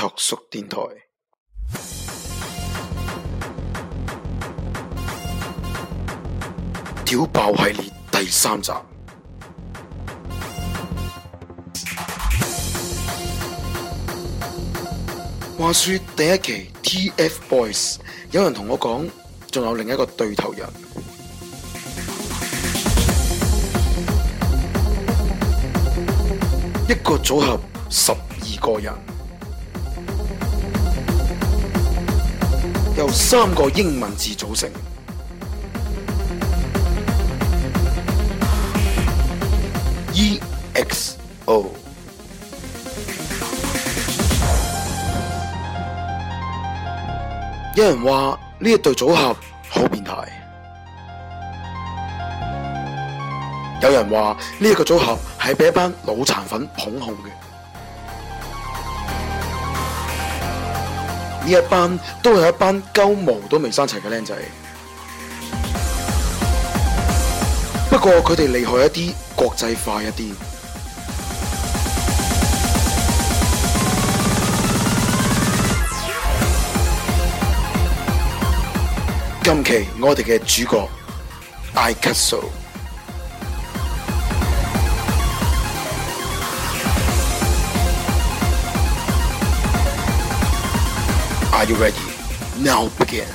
特殊電台，屌爆系列第三集。話說第一期 TFBOYS，有人同我講，仲有另一個對頭人， 一個組合十二個人。由三個英文字組成，EXO。有人話呢一對組合好變態，有人話呢一個組合係俾一班腦殘粉捧紅嘅。呢一班都係一班鳩毛都未生齊嘅靚仔，不過佢哋厲害一啲，國際化一啲。今期我哋嘅主角，I Castle。Are you ready？Now begin！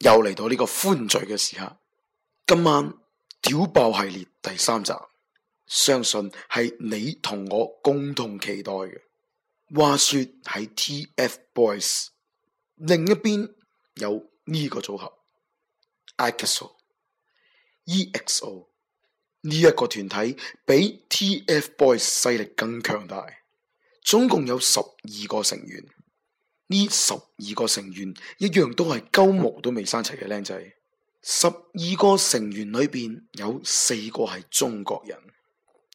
又嚟到呢個歡聚嘅時刻，今晚屌爆系列第三集，相信係你同我共同期待嘅。話說喺 TF Boys 另一邊有呢個組合。EXO 呢一個團體比 TFBOYS 勢力更強大，總共有十二個成員。呢十二個成員一樣都係鳩毛都未生齊嘅靚仔。十二個成員裏邊有四個係中國人，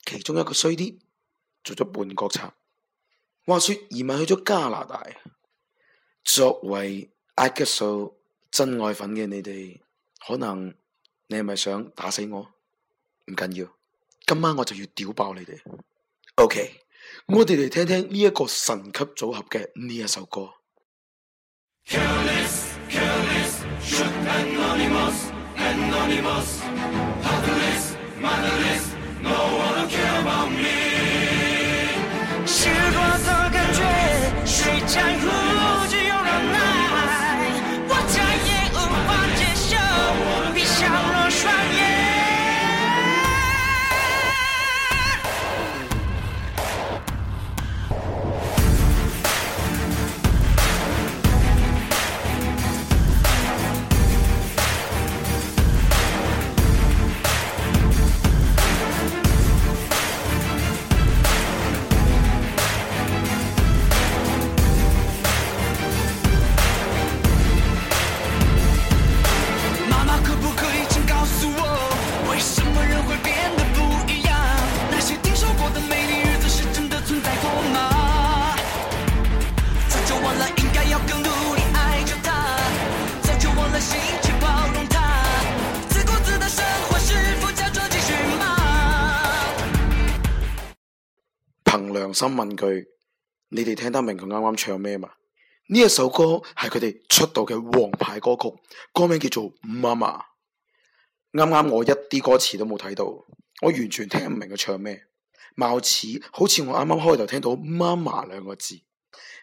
其中一個衰啲做咗叛國賊。話說移民去咗加拿大，作為 EXO、so，真愛粉嘅你哋。可能你係咪想打死我？唔緊要，今晚我就要屌爆你哋。OK，我哋嚟聽聽呢一個神級組合嘅呢一首歌。想問佢，你哋聽得明佢啱啱唱咩嘛？呢一首歌係佢哋出道嘅王牌歌曲，歌名叫做《媽媽》。啱啱我一啲歌詞都冇睇到，我完全聽唔明佢唱咩。貌似好似我啱啱開頭聽到媽媽兩個字。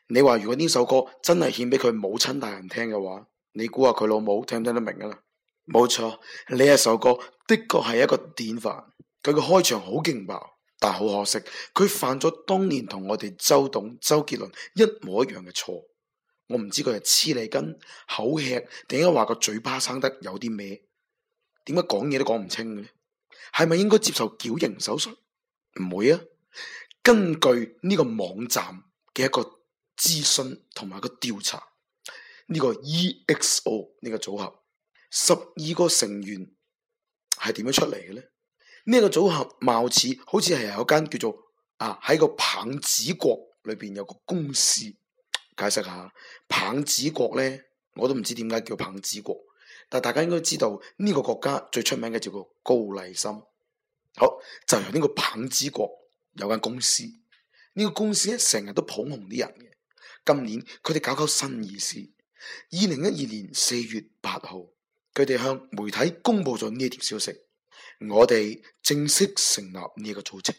你話如果呢首歌真係獻俾佢母親大人聽嘅話，你估下佢老母聽唔聽得明㗎？啦，冇錯，呢一首歌的確係一個典範。佢嘅開場好勁爆。但好、啊、可惜，佢犯咗當年同我哋周董、周杰倫一模一樣嘅錯。我唔知佢係黐脷根、口吃，點解話個嘴巴生得有啲咩？點解講嘢都講唔清嘅？係咪應該接受矯形手術？唔會啊！根據呢個網站嘅一個諮詢同埋個調查，呢、呢個 EXO 呢個組合十二個成員係點樣出嚟嘅咧？呢個組合貌似好似係有間叫做啊，喺個棒子國裏邊有個公司解釋下棒子國咧，我都唔知點解叫棒子國，但大家應該知道呢個國家最出名嘅叫做高麗森。好，就喺呢個棒子國有間公司，呢個公司咧成日都捧紅啲人嘅。今年佢哋搞搞新意思，二零一二年四月八號，佢哋向媒體公布咗呢條消息。我哋正式成立呢個組織，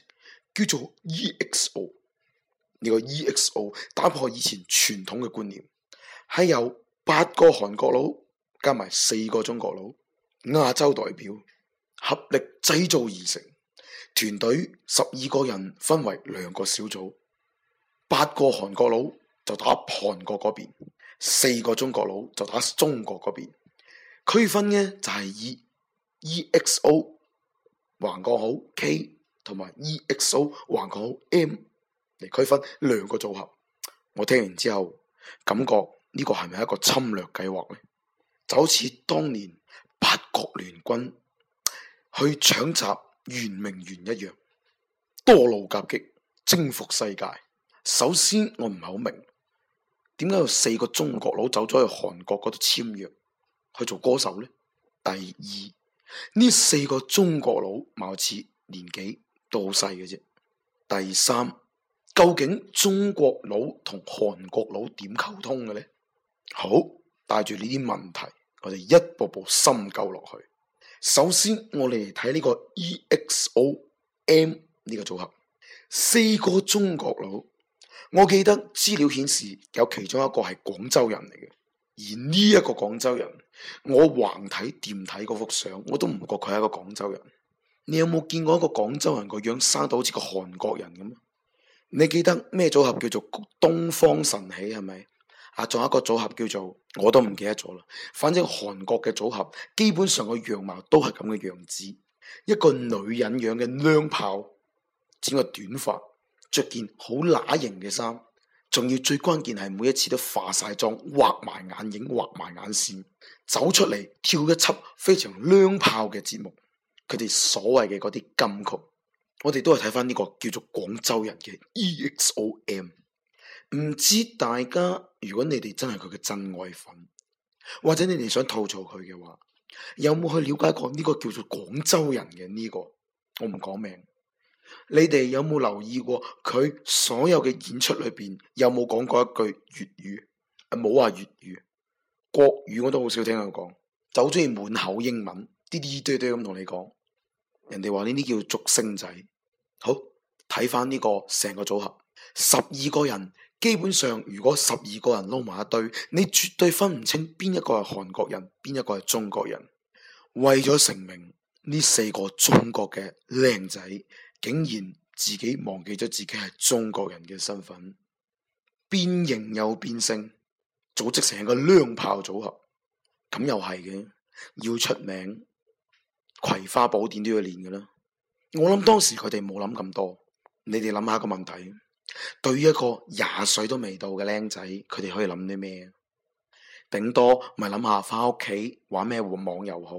叫做 EXO。呢個 EXO 打破以前傳統嘅觀念，係由八個韓國佬加埋四個中國佬亞洲代表合力製造而成。團隊十二個人分為兩個小組，八個韓國佬就打韓國嗰邊，四個中國佬就打中國嗰邊，區分呢就係以。EXO 橫過好 K 同埋 EXO 橫過好 M 嚟區分兩個組合，我聽完之後感覺呢個係咪一個侵略計劃咧？就好似當年八國聯軍去搶奪圓明園一樣，多路夾擊征服世界。首先我唔係好明，點解有四個中國佬走咗去韓國嗰度簽約去做歌手咧？第二，呢四個中國佬貌似年紀都好細嘅啫。第三，究竟中國佬同韓國佬點溝通嘅咧？好，帶住呢啲問題，我哋一步步深究落去。首先，我哋嚟睇呢個 EXO M 呢個組合，四個中國佬。我記得資料顯示有其中一個係廣州人嚟嘅，而呢一個廣州人。我橫睇掂睇嗰幅相，我都唔覺佢係一個廣州人。你有冇見過一個廣州人個樣生到好似個韓國人咁？你記得咩組合叫做東方神起係咪？啊，仲有一個組合叫做，我都唔記得咗啦。反正韓國嘅組合基本上個樣貌都係咁嘅樣子，一個女人樣嘅娘炮，剪個短髮，着件好乸型嘅衫，仲要最關鍵係每一次都化晒妝，畫埋眼影，畫埋眼線，走出嚟跳一輯非常娘炮嘅節目，佢哋所謂嘅嗰啲金曲，我哋都係睇翻呢個叫做廣州人嘅 EXO M。唔知大家如果你哋真係佢嘅真愛粉，或者你哋想吐槽佢嘅話，有冇去了解過呢個叫做廣州人嘅呢個？我唔講名，你哋有冇留意過佢所有嘅演出裏邊有冇講過一句粵語？唔好話粵語。國語我都好少聽佢講，就好中意滿口英文，啲啲堆堆咁同你講。人哋話呢啲叫俗星仔。好，睇翻呢個成個組合，十二個人基本上，如果十二個人撈埋一堆，你絕對分唔清邊一個係韓國人，邊一個係中國人。為咗成名，呢四個中國嘅靚仔竟然自己忘記咗自己係中國人嘅身份，變形又變性。組織成一個娘炮組合，咁又係嘅，要出名，《葵花寶典》都要練嘅啦。我諗當時佢哋冇諗咁多，你哋諗下個問題，對於一個廿歲都未到嘅靚仔，佢哋可以諗啲咩？頂多咪諗下翻屋企玩咩網遊好，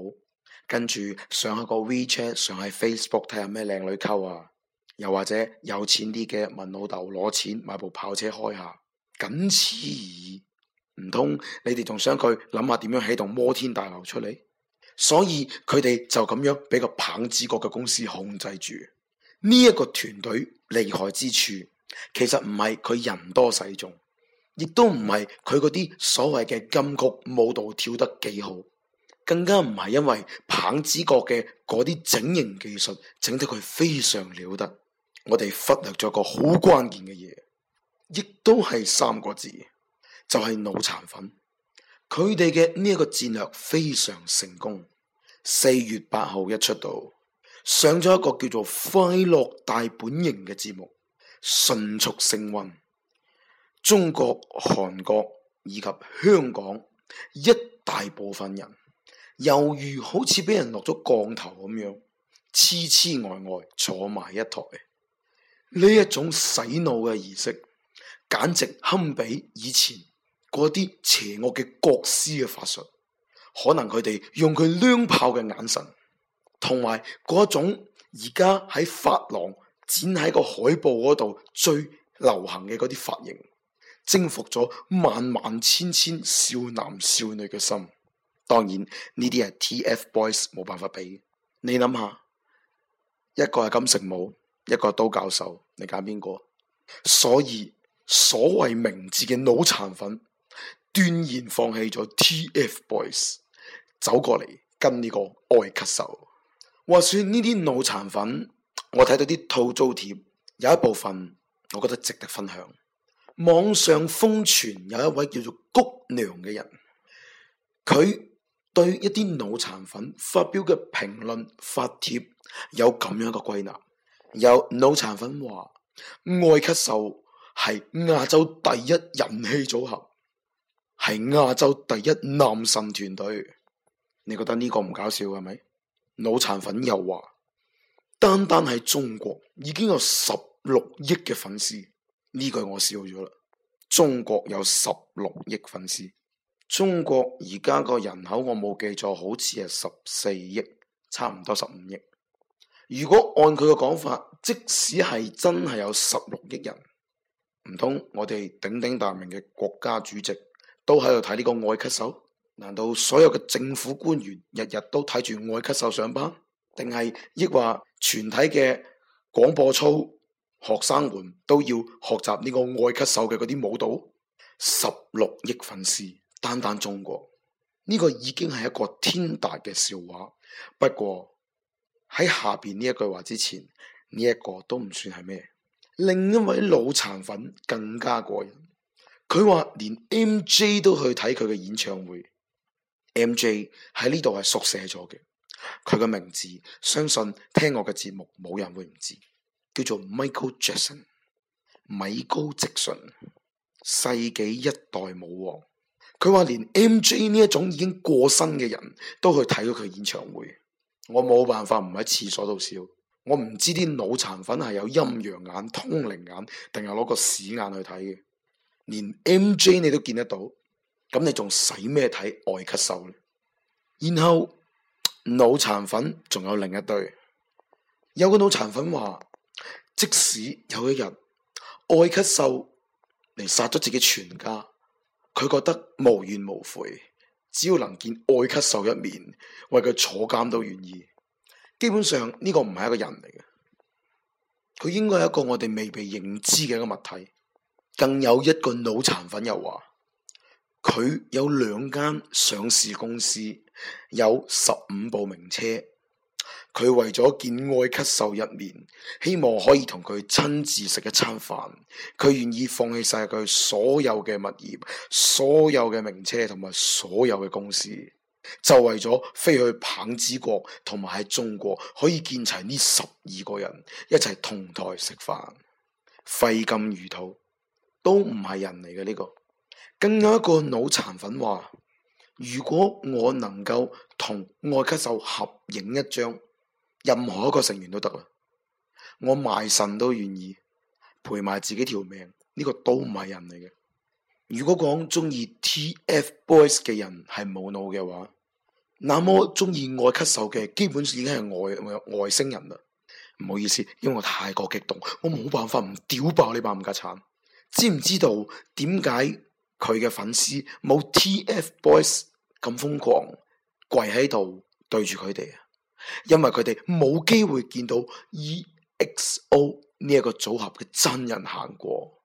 跟住上一個 WeChat，上喺 Facebook 睇下咩靚女溝啊，又或者有錢啲嘅問老豆攞錢買部跑車開下，僅此而已。唔通你哋仲想佢諗下點樣起棟摩天大樓出嚟？所以佢哋就咁樣俾個棒子國嘅公司控制住呢。一個團隊厲害之處，其實唔係佢人多勢眾，亦都唔係佢嗰啲所謂嘅金曲舞蹈跳得幾好，更加唔係因為棒子國嘅嗰啲整形技術整得佢非常了得。我哋忽略咗個好關鍵嘅嘢，亦都係三個字。就係腦殘粉，佢哋嘅呢一個戰略非常成功。四月八號一出道，上咗一個叫做《快樂大本營》嘅節目，迅速升温。中國、韓國以及香港一大部分人，猶如好似俾人落咗降頭咁樣，痴痴呆呆坐埋一台。呢一種洗腦嘅儀式，簡直堪比以前。嗰啲邪惡嘅國師嘅法術，可能佢哋用佢娘炮嘅眼神，同埋嗰種而家喺髮廊剪喺個海報嗰度最流行嘅嗰啲髮型，征服咗萬萬千千少男少女嘅心。當然呢啲係 TF Boys 冇辦法比。你諗下，一個係金城武，一個係都教授，你揀邊個？所以所謂明智嘅腦殘粉。斷然放棄咗 TF Boys，走過嚟跟呢個愛咳嗽。話說呢啲腦殘粉，我睇到啲吐槽貼，有一部分我覺得值得分享。網上瘋傳有一位叫做谷娘嘅人，佢對一啲腦殘粉發表嘅評論發帖有，有咁樣一個歸納：有腦殘粉話愛咳嗽係亞洲第一人氣組合。係亞洲第一男神團隊，你覺得呢個唔搞笑係咪？腦殘粉又話，單單係中國已經有十六億嘅粉絲，呢句我笑咗啦。中國有十六億粉絲，中國而家個人口我冇記錯，好似係十四億，差唔多十五億。如果按佢個講法，即使係真係有十六億人，唔通我哋鼎鼎大名嘅國家主席？都喺度睇呢個愛咳手，難道所有嘅政府官員日日都睇住愛咳手上班？定係亦話全體嘅廣播操學生們都要學習呢個愛咳手嘅嗰啲舞蹈？十六億粉絲，單單中國呢個已經係一個天大嘅笑話。不過喺下邊呢一句話之前，呢一個都唔算係咩。另一位腦殘粉更加過癮。佢話連 M J 都去睇佢嘅演唱會，M J 喺呢度係縮寫咗嘅，佢嘅名字相信聽我嘅節目冇人會唔知，叫做 Michael Jackson，米高積遜，世紀一代舞王。佢話連 M J 呢一種已經過身嘅人都去睇咗佢演唱會，我冇辦法唔喺廁所度笑，我唔知啲腦殘粉係有陰陽眼、通靈眼，定係攞個屎眼去睇嘅。連 MJ 你都見得到，咁你仲使咩睇愛咳嗽呢？然後腦殘粉仲有另一對，有個腦殘粉話，即使有一日愛咳嗽嚟殺咗自己全家，佢覺得無怨無悔，只要能見愛咳嗽一面，為佢坐監都願意。基本上呢個唔係一個人嚟嘅，佢應該係一個我哋未被認知嘅一個物體。更有一個腦殘粉又話，佢有兩間上市公司，有十五部名車。佢為咗見愛咳嗽一面，希望可以同佢親自食一餐飯。佢願意放棄晒佢所有嘅物業、所有嘅名車同埋所有嘅公司，就為咗飛去棒子國同埋喺中國可以見齊呢十二個人，一齊同台食飯，費金如土。都唔係人嚟嘅呢個，更有一個腦殘粉話：如果我能夠同外咳受合影一張，任何一個成員都得啦，我賣腎都願意賠埋自己條命，呢、這個都唔係人嚟嘅。如果講中意 T F Boys 嘅人係冇腦嘅話，那麼中意外咳受嘅基本上已經係外外星人啦。唔好意思，因為我太過激動，我冇辦法唔屌爆你把冚家鏟。知唔知道點解佢嘅粉絲冇 TFBOYS 咁瘋狂跪喺度對住佢哋？因為佢哋冇機會見到 EXO 呢一個組合嘅真人行過。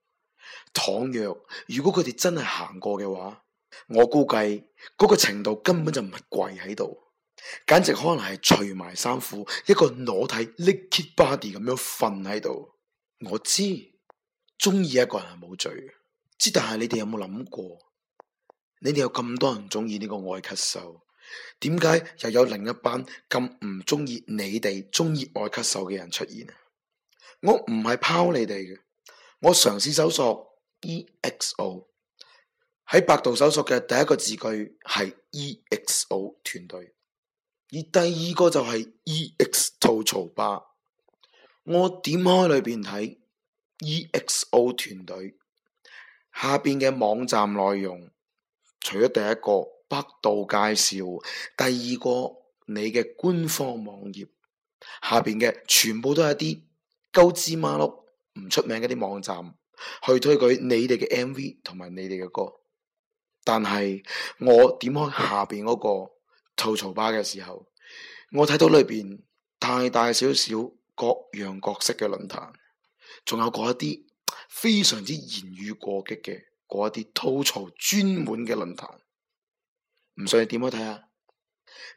倘若如果佢哋真係行過嘅話，我估計嗰個程度根本就唔係跪喺度，簡直可能係除埋衫褲，一個裸體 Liquid Body 咁樣瞓喺度。我知。鍾意一個人係冇罪嘅，之但係你哋有冇諗過？你哋有咁多人鍾意呢個愛咳嗽，點解又有另一班咁唔鍾意你哋鍾意愛咳嗽嘅人出現？我唔係拋你哋嘅，我嘗試搜索 EXO 喺百度搜索嘅第一個字句係 EXO 團隊，而第二個就係 EX 吐槽吧。我點開裏邊睇。EXO 團隊下邊嘅網站內容，除咗第一個百度介紹，第二個你嘅官方網頁，下邊嘅全部都係一啲鳩枝馬碌唔出名嘅啲網站去推舉你哋嘅 MV 同埋你哋嘅歌。但係我點開下邊嗰，那個吐槽吧嘅時候，我睇到裏邊大大小小各樣各式嘅論壇。仲有嗰一啲非常之言語過激嘅嗰一啲吐槽專門嘅論壇，唔信你點樣睇啊？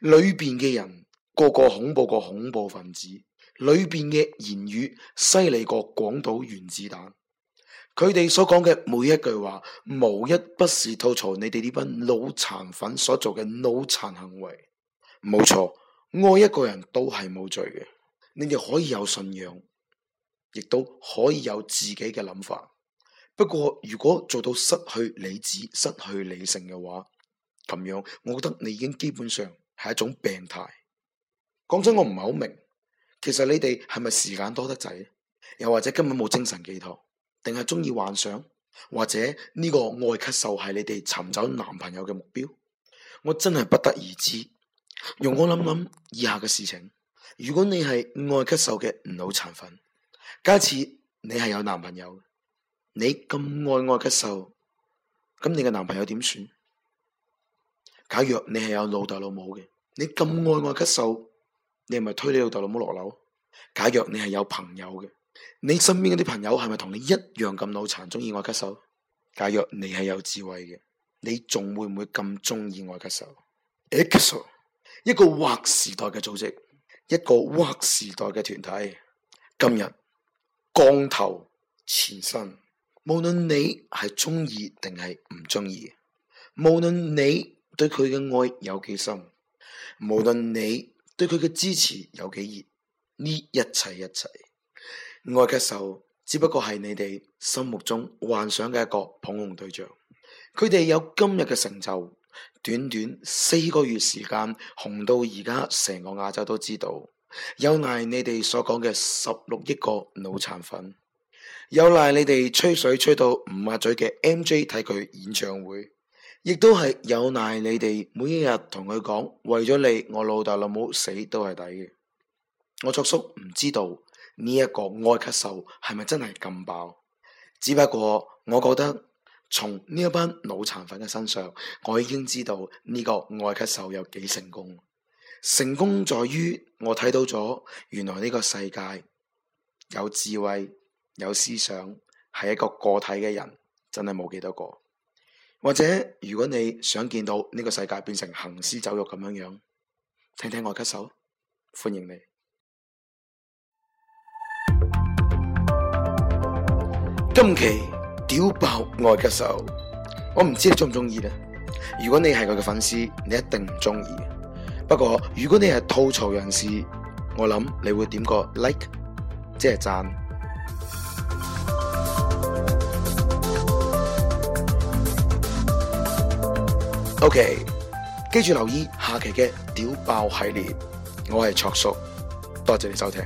裏邊嘅人個個恐怖過恐怖分子，裏邊嘅言語犀利過廣島原子彈。佢哋所講嘅每一句話，無一不是吐槽你哋呢班腦殘粉所做嘅腦殘行為。冇錯，愛一個人都係冇罪嘅，你哋可以有信仰。亦都可以有自己嘅諗法，不過如果做到失去理智、失去理性嘅話，咁樣我覺得你已經基本上係一種病態。講真，我唔係好明，其實你哋係咪時間多得滯，又或者根本冇精神寄託，定係中意幻想，或者呢個外咳嗽係你哋尋找男朋友嘅目標？我真係不得而知。容我諗諗以下嘅事情：如果你係外咳嗽嘅唔腦殘粉。假設你係有男朋友，你咁愛我咳嗽，咁你嘅男朋友點算？假若你係有老豆老母嘅，你咁愛我咳嗽，你係咪推你老豆老母落樓？假若你係有朋友嘅，你身邊嗰啲朋友係咪同你一樣咁腦殘，中意我咳嗽？假若你係有智慧嘅，你仲會唔會咁中意我咳嗽？X 一個劃時代嘅組織，一個劃時代嘅團體，今日。降頭前身，無論你係中意定係唔中意，無論你對佢嘅愛有幾深，無論你對佢嘅支持有幾熱，呢一切一切，愛嘅仇只不過係你哋心目中幻想嘅一個捧紅對象。佢哋有今日嘅成就，短短四個月時間紅到而家，成個亞洲都知道。有賴你哋所講嘅十六億個腦殘粉，有賴你哋吹水吹到唔抹嘴嘅 MJ 睇佢演唱會，亦都係有賴你哋每一日同佢講，為咗你，我老豆老母死都係抵嘅。我作叔唔知道呢一個愛咳嗽係咪真係咁爆，只不過我覺得從呢一班腦殘粉嘅身上，我已經知道呢個愛咳嗽有幾成功。成功在於我睇到咗，原來呢個世界有智慧、有思想，係一個個體嘅人，真係冇幾多個。或者如果你想見到呢個世界變成行屍走肉咁樣樣，聽聽外吉手，歡迎你。今期屌爆外吉手，我唔知你中唔中意咧？如果你係佢嘅粉絲，你一定唔中意。不過，如果你係吐槽人士，我諗你會點個 like，即係讚。OK，記住留意下期嘅屌爆系列，我係卓叔，多謝你收聽。